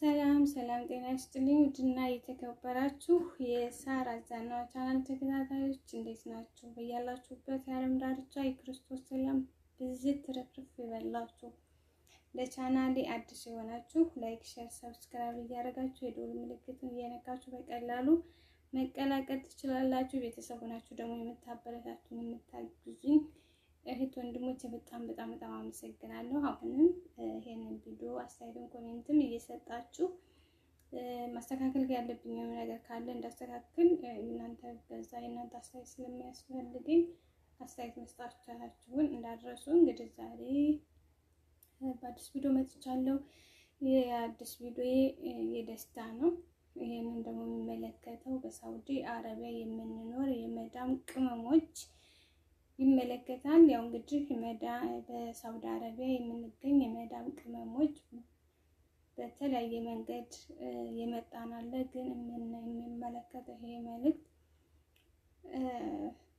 ሰላም ሰላም፣ ጤና ይስጥልኝ ውድና የተከበራችሁ የሳራ ዛና ቻናል ተከታታዮች እንዴት ናችሁ? በያላችሁበት የዓለም ዳርቻ የክርስቶስ ሰላም ብዝት ትርፍርፍ ይበላችሁ። ለቻናሌ አዲስ የሆናችሁ ላይክ፣ ሸር ሰብስክራይብ እያደረጋችሁ የደወል ምልክትን እየነካችሁ በቀላሉ መቀላቀል ትችላላችሁ። ቤተሰብ ሆናችሁ ደግሞ የምታበረታችሁ የምታግዙኝ እህት ወንድሞች በጣም በጣም በጣም አመሰግናለሁ። አሁንም ይሄንን ቪዲዮ አስተያየትን፣ ኮሜንትም እየሰጣችሁ ማስተካከል ያለብኝ ነገር ካለ እንዳስተካክል እናንተ በዛ የእናንተ አስተያየት ስለሚያስፈልገኝ አስተያየት መስጣችሁን እንዳደረሱ እንግዲህ ዛሬ በአዲስ ቪዲዮ መጥቻለሁ። የአዲስ ቪዲዮ የደስታ ነው። ይህንን ደግሞ የሚመለከተው በሳውዲ አረቢያ የምንኖር የመዳም ቅመሞች ይመለከታል። ያው እንግዲህ በሳውዲ አረቢያ የምንገኝ የመዳም ቅመሞች በተለያየ መንገድ የመጣናለ ግን የሚመለከተው ይሄ መልእክት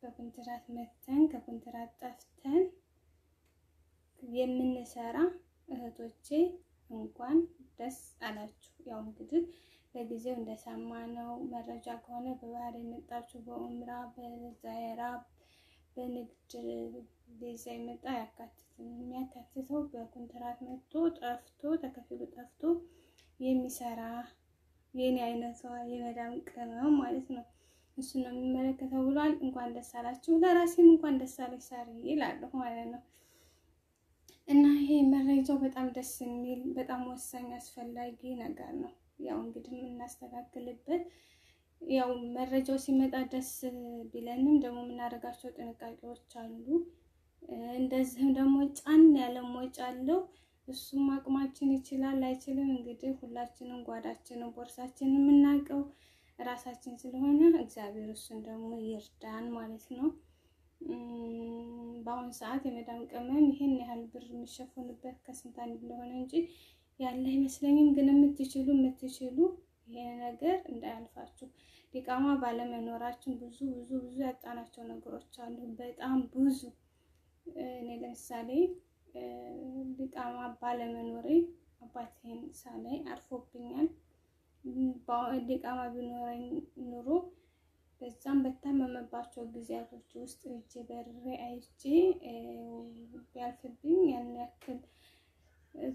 በኮንትራት መጥተን ከኮንትራት ጠፍተን የምንሰራ እህቶቼ እንኳን ደስ አላችሁ። ያው እንግዲህ ለጊዜው እንደሰማነው መረጃ ከሆነ በባህር የመጣችሁ በኡምራ በዛይራ በንግድ ዲዛይን መጣ አያካትትም። የሚያካትተው በኮንትራት መጥቶ ጠፍቶ ተከፍሎ ጠፍቶ የሚሰራ የኔ አይነቷ የመዳም ቅመም ማለት ነው። እሱ ነው የሚመለከተው ብሏል። እንኳን ደስ አላችሁ። ለራሴም እንኳን ደስ አለሽ ሳሪ ይላለሁ ማለት ነው። እና ይሄ መረጃው በጣም ደስ የሚል በጣም ወሳኝ አስፈላጊ ነገር ነው። ያው እንግዲህ የምናስተካክልበት ያው መረጃው ሲመጣ ደስ ቢለንም ደግሞ የምናደርጋቸው ጥንቃቄዎች አሉ። እንደዚህም ደግሞ ጫን ያለ ሞጭ አለው። እሱም አቅማችን ይችላል አይችልም፣ እንግዲህ ሁላችንም ጓዳችንን ቦርሳችንን የምናውቀው ራሳችን ስለሆነ እግዚአብሔር እሱን ደግሞ ይርዳን ማለት ነው። በአሁኑ ሰዓት የመዳም ቅመም ይህን ያህል ብር የሚሸፈንበት ከስንት አንድ እንደሆነ እንጂ ያለ አይመስለኝም። ግን የምትችሉ የምትችሉ ይሄ ነገር እንዳያልፋችሁ ኢቃማ ባለመኖራችን ብዙ ብዙ ብዙ ያጣናቸው ነገሮች አሉ። በጣም ብዙ እኔ ለምሳሌ ኢቃማ ባለመኖሬ አባቴን ሳላይ አርፎብኛል። ኢቃማ ቢኖረኝ ኑሮ በዛም በታመመባቸው ጊዜያቶች ውስጥ እጅ በርሬ አይቼ ቢያልፍብኝ ያን ያክል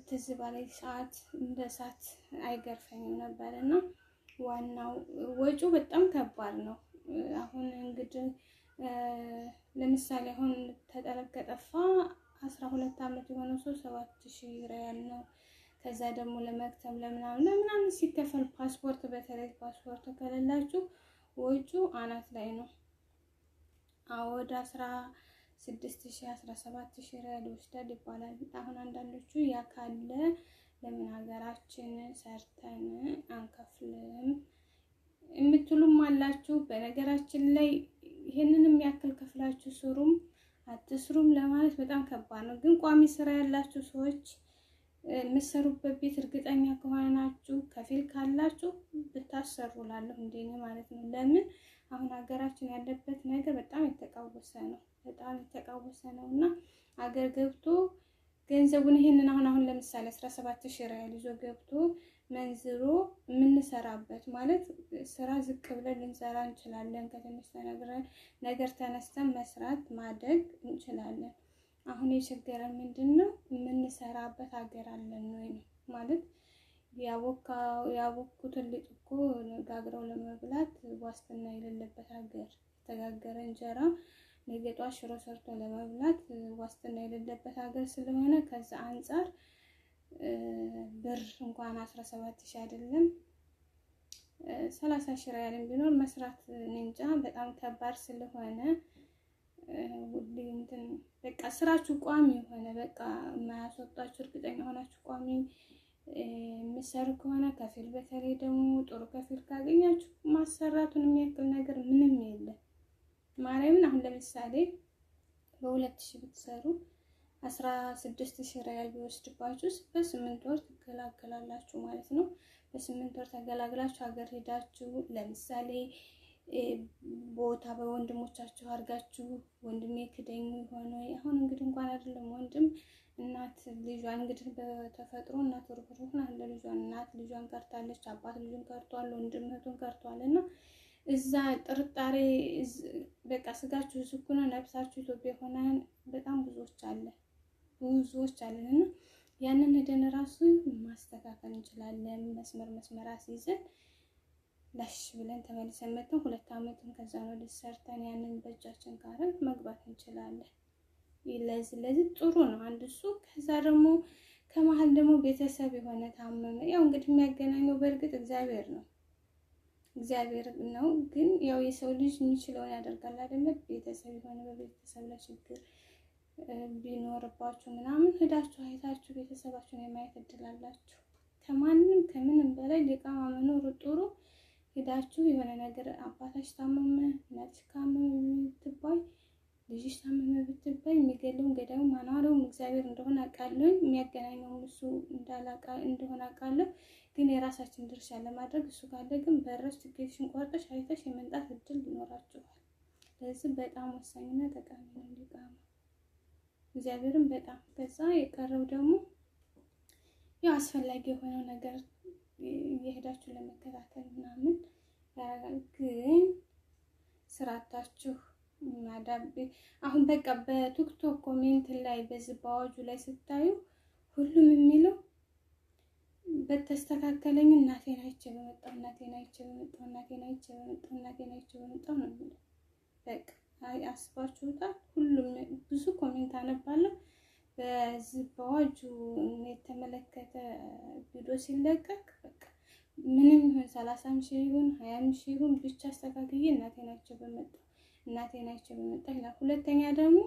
ትዝ ባለኝ ሰዓት እንደ እሳት አይገርፈኝም ነበር እና ዋናው ወጪው በጣም ከባድ ነው። አሁን እንግዲህ ለምሳሌ አሁን ተጠለብ ከጠፋ አስራ ሁለት ዓመት የሆነ ሰው ሰባት ሺህ ሪያል ነው። ከዛ ደግሞ ለመክተም ለምናምን ለምናምን ሲከፈል ፓስፖርት፣ በተለይ ፓስፖርት ከሌላችሁ ወጩ አናት ላይ ነው። አዎ አስራ ስድስት ሺህ አስራ ሰባት ሺህ ሪያል ይወስዳል ይባላል። አሁን አንዳንዶቹ ያ ካለ ለምን ሀገራችን ሰርተን አንከፍልም የምትሉም አላችሁ። በነገራችን ላይ ይህንንም ያክል ከፍላችሁ ስሩም አትስሩም ለማለት በጣም ከባድ ነው። ግን ቋሚ ስራ ያላችሁ ሰዎች የምትሰሩበት ቤት እርግጠኛ ከሆናችሁ ከፊል ካላችሁ ብታሰሩ ላለሁ እንደኔ ማለት ነው። ለምን አሁን ሀገራችን ያለበት ነገር በጣም የተቃወሰ ነው፣ በጣም የተቃወሰ ነው እና አገር ገብቶ ገንዘቡን ይሄንን አሁን አሁን ለምሳሌ 17 ሺህ ሪያል ይዞ ገብቶ መንዝሮ የምንሰራበት ማለት ስራ ዝቅ ብለን ልንሰራ እንችላለን። ከትንሽ ተነግረን ነገር ተነስተን መስራት ማደግ እንችላለን። አሁን የቸገረን ምንድን ነው? የምንሰራበት ሀገር አለን ወይ ማለት ያቦኩትን ሊጥ እኮ ጋግረው ለመብላት ዋስትና የሌለበት ሀገር የተጋገረ እንጀራ ነገጧ ሽሮ ሰርቶ ለመብላት ዋስትና የሌለበት ሀገር ስለሆነ ከዛ አንጻር ብር እንኳን አስራ ሰባት ሺህ አይደለም ሰላሳ ሺህ ሪያልም ቢኖር መስራት እንጃ በጣም ከባድ ስለሆነ እንትን በቃ ስራችሁ ቋሚ የሆነ በቃ የማያስወጣችሁ እርግጠኛ ሆናችሁ ቋሚ የምትሰሩ ከሆነ ከፊል በተለይ ደግሞ ጥሩ ከፊል ካገኛችሁ ማሰራቱን የሚያክል ነገር ምንም የለም። ማርያምን አሁን ለምሳሌ በሁለት ሺህ ብትሰሩ አስራ ስድስት ሺህ ሪያል ቢወስድባችሁ በስምንት ወር ትገላገላላችሁ ማለት ነው። በስምንት ወር ተገላግላችሁ ሀገር ሄዳችሁ ለምሳሌ ቦታ በወንድሞቻችሁ አድርጋችሁ ወንድሜ ክደኝ ሆነ አሁን እንግዲህ እንኳን አይደለም ወንድም እናት ልጇን እንግዲህ በተፈጥሮ እናት ርኅሩኅ ናት ለልጇን እናት ልጇን ቀርታለች አባት ልጁን ቀርቷል ወንድም እህቱን ቀርቷል እና እዛ ጥርጣሬ በቃ ስጋችሁ ስኩነ ነብሳችሁ ኢትዮጵያ የሆነን በጣም ብዙዎች አለ ብዙዎች አለን እና ያንን ሄደን ራሱ ማስተካከል እንችላለን። መስመር መስመር አስይዘን ለሽ ብለን ተመልሰን መጥተን ሁለት ዓመትም ከዛ ነው ሰርተን ያንን በእጃችን ካረን መግባት እንችላለን። ለዚህ ለዚህ ጥሩ ነው አንድ እሱ። ከዛ ደግሞ ከመሀል ደግሞ ቤተሰብ የሆነ ታመመ፣ ያው እንግዲህ የሚያገናኘው በእርግጥ እግዚአብሔር ነው እግዚአብሔር ነው። ግን ያው የሰው ልጅ የሚችለውን ያደርጋል አይደለ? ቤተሰብ የሆነ በቤተሰብ ላይ ችግር ቢኖርባችሁ ምናምን ሄዳችሁ አይታችሁ ቤተሰባችሁን የማየት እድል አላችሁ። ከማንም ከምንም በላይ ሊቃማ መኖሩ ጥሩ። ሄዳችሁ የሆነ ነገር አባታች ታመመ፣ እናትሽ ታመመ ትባይ ልጅሽ ታመመ እግዚአብሔር እንደሆነ አውቃለሁ። የሚያገናኘው እሱ እንዳላቃ እንደሆነ አውቃለሁ። ግን የራሳችን ድርሻ ለማድረግ እሱ ካለ ግን በረስ ትኬትሽን ቆርጠሽ አይተሽ የመምጣት እድል ይኖራችኋል። ስለዚህ በጣም ወሳኝና ጠቃሚ ነው እግዚአብሔርም በጣም በዛ የቀረው ደግሞ ያው አስፈላጊ የሆነው ነገር እየሄዳችሁ ለመከታተል ምናምን ግን ስራታችሁ አሁን በቃ በቲክቶክ ኮሜንት ላይ በዚህ በአዋጁ ላይ ስታዩ ሁሉም የሚለው በተስተካከለኝ እናቴን አይቼ በመጣሁ እናቴን አይቼ በመጣሁ እናቴን አይቼ በመጣሁ እናቴን አይቼ በመጣሁ ነው የሚለው። በቃ አይ አስባችሁታል። ሁሉም ብዙ ኮሜንት አነባለሁ። በዚህ በአዋጁ የተመለከተ ቪዲዮ ሲለቀቅ በቃ ምንም ይሁን ሰላሳም ሺህ ይሁን ሀያም ሺህ ይሁን ብቻ አስተካክዬ እናቴን አይቼ በመጣሁ እናቴን አይቼ በመጣሁ ይላል። ሁለተኛ ደግሞ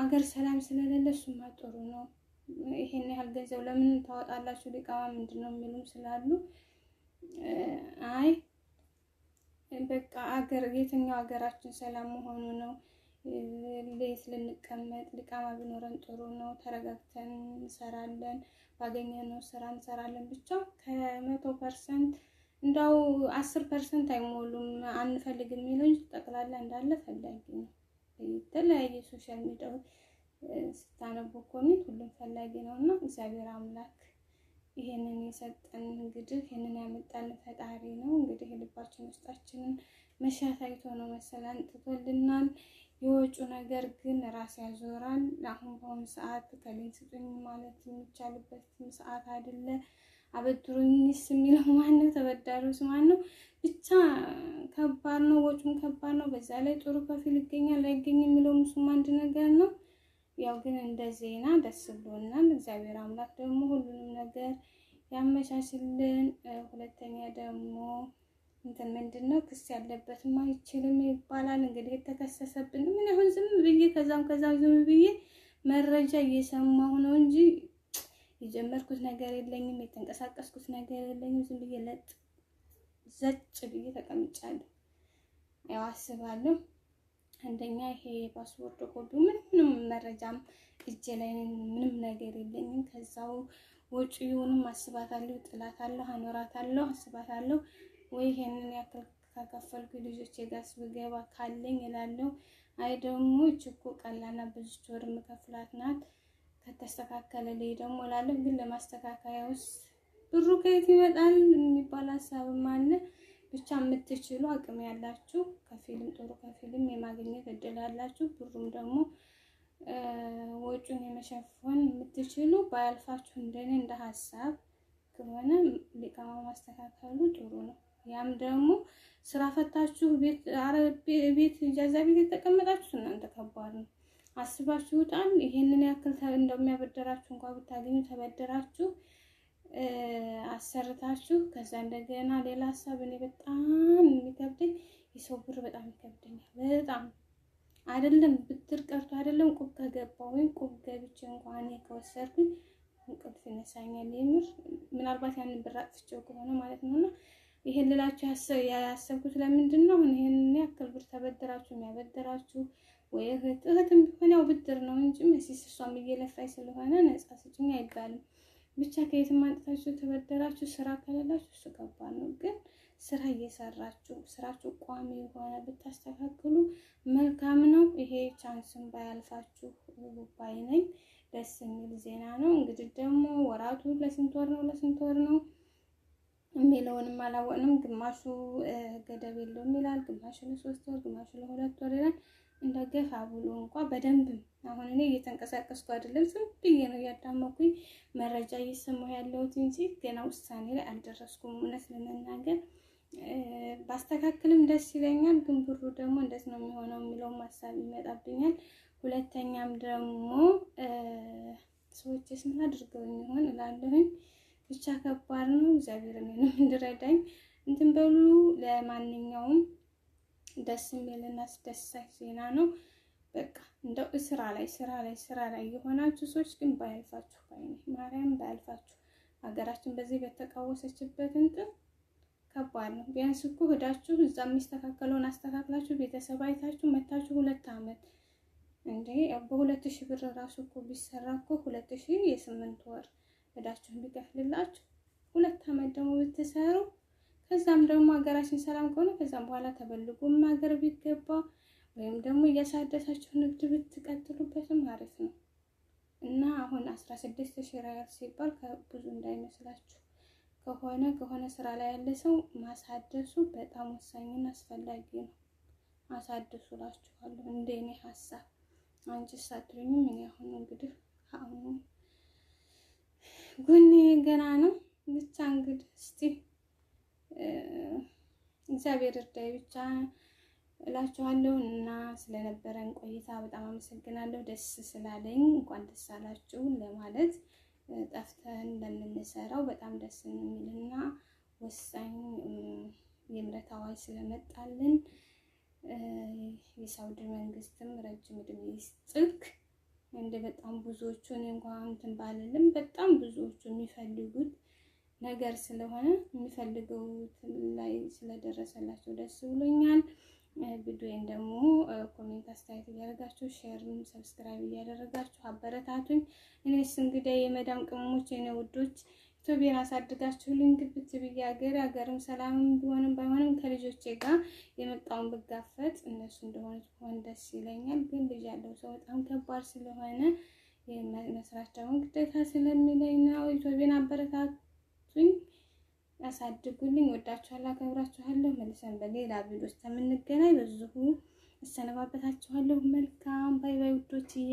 አገር ሰላም ስለሌለ እሱማ ጥሩ ነው። ይሄን ያህል ገንዘብ ለምን ታወጣላችሁ ሊቃማ ምንድን ነው የሚሉም ስላሉ አይ በቃ አገር የትኛው ሀገራችን ሰላም መሆኑ ነው። ሌት ልንቀመጥ ሊቃማ ቢኖረን ጥሩ ነው። ተረጋግተን እንሰራለን፣ ባገኘነው ስራ እንሰራለን። ብቻ ከመቶ ፐርሰንት እንዳው አስር ፐርሰንት አይሞሉም አንፈልግም የሚለው ጠቅላላ እንዳለ ፈላጊ ነው። የተለያየ ሶሻል ሚዲያዎች ስታነቡ ኮሜንት ሁሉም ፈላጊ ነው እና እግዚአብሔር አምላክ ይሄንን የሰጠን እንግዲህ ይሄንን ያመጣን ፈጣሪ ነው። እንግዲህ የልባችን ውስጣችንን መሻት አይቶ ነው መሰለን አንጥቶልናል። የወጩ ነገር ግን ራስ ያዞራል። አሁን በአሁኑ ሰዓት ከሌን ስጡኝ ማለት የሚቻልበት ሰዓት አይደለ። አበድሩኝስ የሚለው ማን ነው? ተበዳሪውስ ማን ነው? ብቻ ከባድ ነው፣ ወጪም ከባድ ነው። በዛ ላይ ጥሩ ከፊል ይገኛል አይገኝ የሚለው እሱም አንድ ነገር ነው። ያው ግን እንደ ዜና ደስ ብሎናል። እግዚአብሔር አምላክ ደግሞ ሁሉንም ነገር ያመቻችልን። ሁለተኛ ደግሞ እንትን ምንድን ነው ክስ ያለበትም አይችልም ይባላል። እንግዲህ የተከሰሰብን ምን አሁን ዝም ብዬ ከዛም ከዛም ዝም ብዬ መረጃ እየሰማሁ ነው እንጂ የጀመርኩት ነገር የለኝም፣ የተንቀሳቀስኩት ነገር የለኝም። ዝም ብዬ ለጥ ዘጭ ብዬ ተቀምጫለሁ። ያው አስባለሁ አንደኛ ይሄ የፓስፖርት ኮፒው ምንም መረጃም እጄ ላይ ምንም ነገር የለኝም። ከዛው ወጪ ወጪውንም አስባታለሁ፣ ጥላታለሁ፣ አኖራታለሁ፣ አስባታለሁ ወይ ይሄንን ያክል ከከፈልኩ ልጆች የጋስ ብገባ ካለኝ እላለሁ። አይ ደግሞ እች እኮ ቀላና ብዙ ወር የምከፍላት ናት ከተስተካከለ ላይ ደግሞ ላለም ግን ለማስተካከያ ውስጥ ብሩ ከየት ይመጣል የሚባል ሀሳብም አለ። ብቻ የምትችሉ አቅም ያላችሁ ከፊልም ጥሩ ከፊልም የማግኘት እድል አላችሁ። ብሩም ደግሞ ወጪውን የመሸፈን የምትችሉ ባያልፋችሁ እንደኔ እንደ ሀሳብ ከሆነ ሊቃማ ማስተካከሉ ጥሩ ነው። ያም ደግሞ ስራ ፈታችሁ ቤት ቤት እጃዛ ቤት የተቀመጣችሁ እናንተ ከባድ ነው። አስባችሁታል? ይሄንን ያክል እንደሚያበደራችሁ እንኳ ብታገኙ ተበደራችሁ አሰርታችሁ ከዛ እንደገና ሌላ ሀሳብ። እኔ በጣም የሚከብደኝ የሰው ብር በጣም ይከብደኛል። በጣም አይደለም ብድር ቀርቶ አይደለም ቁብ ከገባ ወይም ቁብ ገብቼ እንኳን ከወሰድኩኝ እንቅልፍ ይነሳኛል። የምር ምናልባት ያንን ብር አጥፍቼው ከሆነ ማለት ነው። እና ይሄን ልላችሁ ያሰብኩት ለምንድን ነው ይሄን ያክል ብር ተበደራችሁ የሚያበደራችሁ ወይ እህት እህትም ቢሆን ያው ብድር ነው እንጂ መሲስ እሷም እየለፋይ ስለሆነ ነፃ ስጭኝ አይባልም። ብቻ ከየትም አንጥታችሁ ተበደራችሁ ስራ ከሌላችሁ እሱ ከባድ ነው። ግን ስራ እየሰራችሁ ስራችሁ ቋሚ የሆነ ብታስተካክሉ መልካም ነው። ይሄ ቻንስን ባያልፋችሁ ባይ ነኝ። ደስ የሚል ዜና ነው። እንግዲህ ደግሞ ወራቱ ለስንት ወር ነው ለስንት ወር ነው የሚለውንም አላወቅንም። ግማሹ ገደብ የለውም ይላል፣ ግማሹ ለሶስት ወር፣ ግማሹ ለሁለት ወር ይላል። እንደ ገፋ ብሎ እንኳ በደንብ አሁን እኔ እየተንቀሳቀስኩ አይደለም፣ ዝም ብዬ ነው እያዳመኩኝ መረጃ እየሰማ ያለሁት እንጂ ገና ውሳኔ ላይ አልደረስኩም። እውነት ለመናገር ባስተካክልም ደስ ይለኛል፣ ግን ብሩ ደግሞ እንዴት ነው የሚሆነው የሚለው ሀሳብ ይመጣብኛል። ሁለተኛም ደግሞ ሰዎችስ ምን አድርገው የሚሆን እላለሁኝ። ብቻ ከባድ ነው። እግዚአብሔር ምንም እንድረዳኝ እንትን በሉ። ለማንኛውም ደስ የሚልና አስደሳች ዜና ነው። በቃ እንደው ስራ ላይ ስራ ላይ ስራ ላይ የሆናችሁ ሰዎች ግን ባያልፋችሁ ባይነ ማርያም ባያልፋችሁ። ሀገራችን በዚህ በተቃወሰችበት እንትን ከባድ ነው። ቢያንስ እኮ ህዳችሁ እዛ የሚስተካከለውን አስተካክላችሁ ቤተሰብ አይታችሁ መታችሁ ሁለት አመት እንዴ በሁለት ሺህ ብር ራሱ እኮ ቢሰራ እኮ ሁለት ሺህ የስምንት ወር ሄዳችሁ ቢከፍልላችሁ ሁለት አመት ደግሞ ብትሰሩ ከዛም ደግሞ ሀገራችን ሰላም ከሆነ ከዛም በኋላ ተበልጎም ሀገር ቢገባ ወይም ደግሞ እያሳደሳችሁ ንግድ ብትቀጥሉበትም አሪፍ ነው እና አሁን አስራ ስድስት ሺህ ሪያል ሲባል ብዙ እንዳይመስላችሁ ከሆነ ከሆነ ስራ ላይ ያለ ሰው ማሳደሱ በጣም ወሳኝና አስፈላጊ ነው። አሳድሱ እላችኋለሁ፣ እንደ እኔ ሀሳብ። አንቺ ሳትሉኝም እኔ አሁን እንግዲህ አሁን ጎኔ ገና ነው። ብቻ እንግዲህ እስቲ እግዚአብሔር እርዳይ ብቻ እላችኋለሁ እና ስለነበረን ቆይታ በጣም አመሰግናለሁ። ደስ ስላለኝ እንኳን ደስ አላችሁ ለማለት ጠፍተን ለምንሰራው በጣም ደስ የሚልና ወሳኝ የምህረት አዋጅ ስለመጣልን የሳውዲ መንግስትም ረጅም ዕድሜ ይስጥክ። እንደ በጣም ብዙዎቹን እንኳን እንትን ባልልም በጣም ብዙዎቹ የሚፈልጉት ነገር ስለሆነ የሚፈልገው ላይ ስለደረሰላቸው ደስ ብሎኛል። ቪዲዮን ደግሞ ኮሜንት አስተያየት እያደረጋችሁ ሼርም ሰብስክራይብ እያደረጋችሁ አበረታቱኝ። እኔስ እንግዲህ የመዳም ቅመሞች የኔ ውዶች ኢትዮጵያን አሳድጋችሁ ግብት ብዬ ሀገር ሀገርም ሰላምም ቢሆንም ባይሆንም ከልጆቼ ጋር የመጣውን ብጋፈጥ እነሱ እንደሆነ ሆን ደስ ይለኛል። ግን ልጅ ያለው ሰው በጣም ከባድ ስለሆነ መስራት ግዴታ ስለሚለኝ ነው። ኢትዮጵያን አበረታቱ። አበረታቱኝ፣ ያሳድጉልኝ። ወዳችኋለሁ፣ አከብራችኋለሁ። መልሰን በሌላ ቪዲዮ እስከምንገናኝ በዚሁ እሰነባበታችኋለሁ። መልካም ባይ ባይ ውዶችዬ።